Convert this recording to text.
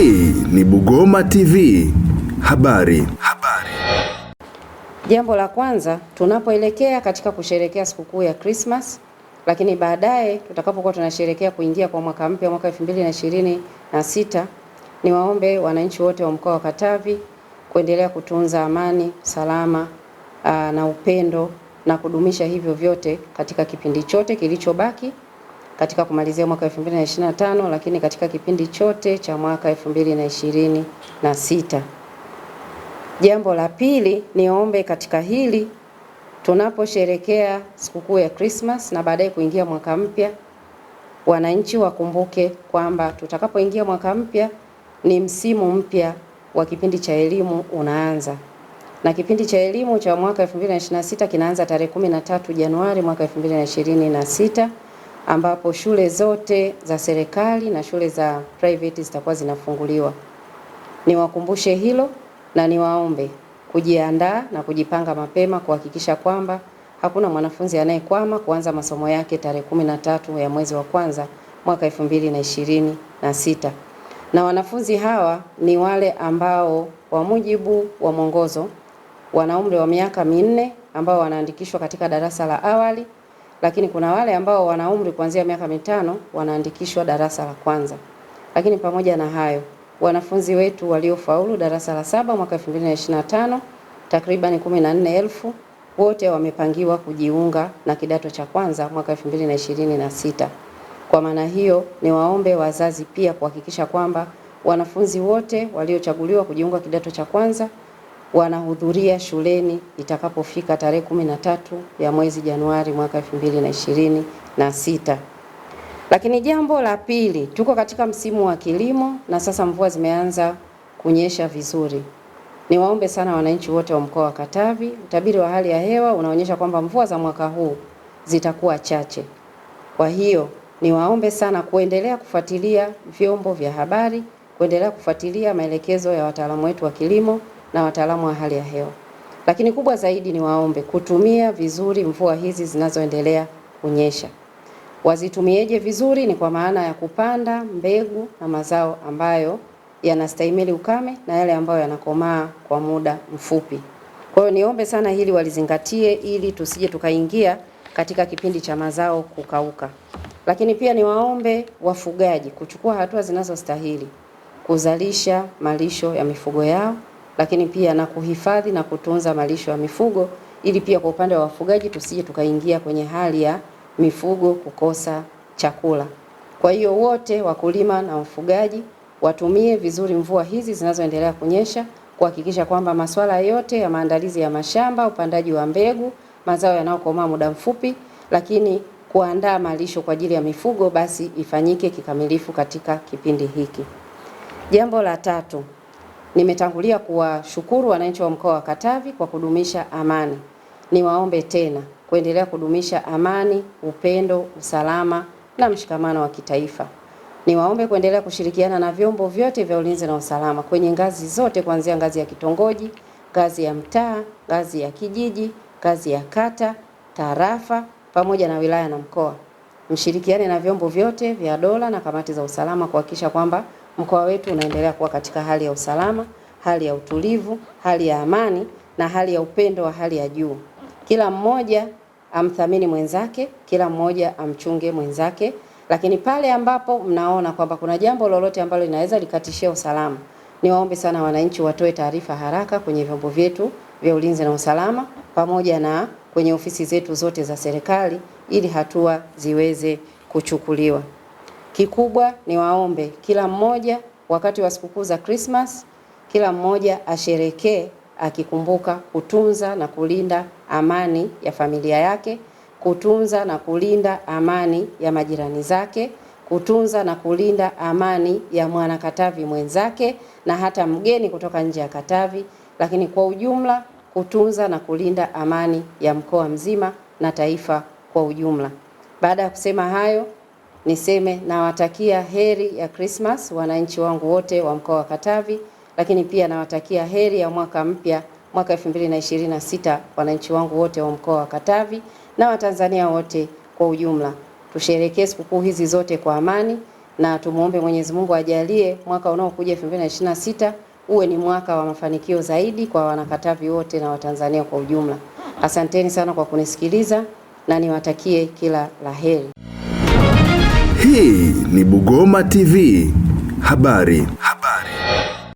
Hii ni Bugoma TV. Habari. Habari. Jambo la kwanza tunapoelekea katika kusherehekea sikukuu ya Christmas, lakini baadaye tutakapokuwa tunasherehekea kuingia kwa mwaka mpya mwaka 2026, niwaombe wananchi wote wa mkoa wa Katavi kuendelea kutunza amani, salama na upendo na kudumisha hivyo vyote katika kipindi chote kilichobaki katika kumalizia mwaka 2025 lakini katika kipindi chote cha mwaka 2026. Jambo la pili, niombe katika hili tunaposherekea sikukuu ya Christmas na baadaye kuingia mwaka mpya, wananchi wakumbuke kwamba tutakapoingia mwaka mpya ni msimu mpya wa kipindi cha elimu unaanza, na kipindi cha elimu cha mwaka 2026 kinaanza tarehe 13 Januari mwaka 2026 ambapo shule zote za serikali na shule za private zitakuwa zinafunguliwa. Niwakumbushe hilo na niwaombe kujiandaa na kujipanga mapema kuhakikisha kwamba hakuna mwanafunzi anayekwama kuanza masomo yake tarehe kumi na tatu ya mwezi wa kwanza mwaka elfu mbili na ishirini na sita. Na wanafunzi hawa ni wale ambao kwa mujibu wa mwongozo wana umri wa miaka minne ambao wanaandikishwa katika darasa la awali lakini kuna wale ambao wana umri kuanzia miaka mitano wanaandikishwa darasa la kwanza. Lakini pamoja na hayo, wanafunzi wetu waliofaulu darasa la saba mwaka 2025 takriban 14,000 wote wamepangiwa kujiunga na kidato cha kwanza mwaka 2026. Kwa maana hiyo, ni waombe wazazi pia kuhakikisha kwamba wanafunzi wote waliochaguliwa kujiunga kidato cha kwanza wanahudhuria shuleni itakapofika tarehe kumi na tatu ya mwezi Januari mwaka elfu mbili na ishirini na sita. Lakini jambo la pili, tuko katika msimu wa kilimo na sasa mvua zimeanza kunyesha vizuri. Niwaombe sana wananchi wote wa mkoa wa Katavi, utabiri wa hali ya hewa unaonyesha kwamba mvua za mwaka huu zitakuwa chache. Kwa hiyo niwaombe sana kuendelea kufuatilia vyombo vya habari, kuendelea kufuatilia maelekezo ya wataalamu wetu wa kilimo na wataalamu wa hali ya hewa. Lakini kubwa zaidi ni waombe kutumia vizuri mvua hizi zinazoendelea kunyesha. Wazitumieje vizuri? Ni kwa maana ya kupanda mbegu na mazao ambayo yanastahimili ukame na yale ambayo yanakomaa kwa muda mfupi. Kwa hiyo niombe sana hili walizingatie, ili tusije tukaingia katika kipindi cha mazao kukauka. Lakini pia niwaombe wafugaji kuchukua hatua zinazostahili kuzalisha malisho ya mifugo yao lakini pia na kuhifadhi na kutunza malisho ya mifugo ili pia kwa upande wa wafugaji tusije tukaingia kwenye hali ya mifugo kukosa chakula. Kwa hiyo wote wakulima na wafugaji watumie vizuri mvua hizi zinazoendelea kunyesha kuhakikisha kwamba masuala yote ya maandalizi ya mashamba, upandaji wa mbegu, mazao yanayokomaa muda mfupi, lakini kuandaa malisho kwa ajili ya mifugo basi ifanyike kikamilifu katika kipindi hiki. Jambo la tatu Nimetangulia kuwashukuru wananchi wa mkoa wa Katavi kwa kudumisha amani. Niwaombe tena kuendelea kudumisha amani, upendo, usalama na mshikamano wa kitaifa. Niwaombe kuendelea kushirikiana na vyombo vyote vya ulinzi na usalama kwenye ngazi zote kuanzia ngazi ya kitongoji, ngazi ya mtaa, ngazi ya kijiji, ngazi ya kata, tarafa pamoja na wilaya na mkoa. Mshirikiane na vyombo vyote vya dola na kamati za usalama kuhakikisha kwamba mkoa wetu unaendelea kuwa katika hali ya usalama, hali ya utulivu, hali ya amani na hali ya upendo wa hali ya juu. Kila mmoja amthamini mwenzake, kila mmoja amchunge mwenzake, lakini pale ambapo mnaona kwamba kuna jambo lolote ambalo linaweza likatishia usalama, niwaombe sana wananchi watoe taarifa haraka kwenye vyombo vyetu vya ulinzi na usalama pamoja na kwenye ofisi zetu zote za serikali ili hatua ziweze kuchukuliwa. Kikubwa ni waombe kila mmoja wakati wa sikukuu za Krismas, kila mmoja asherekee akikumbuka kutunza na kulinda amani ya familia yake, kutunza na kulinda amani ya majirani zake, kutunza na kulinda amani ya mwanakatavi mwenzake na hata mgeni kutoka nje ya Katavi, lakini kwa ujumla kutunza na kulinda amani ya mkoa mzima na taifa kwa ujumla. Baada ya kusema hayo Niseme nawatakia heri ya Christmas wananchi wangu wote wa mkoa wa Katavi, lakini pia nawatakia heri ya mwaka mpya mwaka 2026 wananchi wangu wote wa mkoa wa Katavi na Watanzania wote kwa ujumla. Tusherehekee sikukuu hizi zote kwa amani na tumuombe Mwenyezi Mungu ajalie mwaka unaokuja 2026 uwe ni mwaka wa mafanikio zaidi kwa wanakatavi wote na Watanzania kwa ujumla. Asanteni sana kwa kunisikiliza na niwatakie kila la heri. Hii ni Bugoma TV. Habari.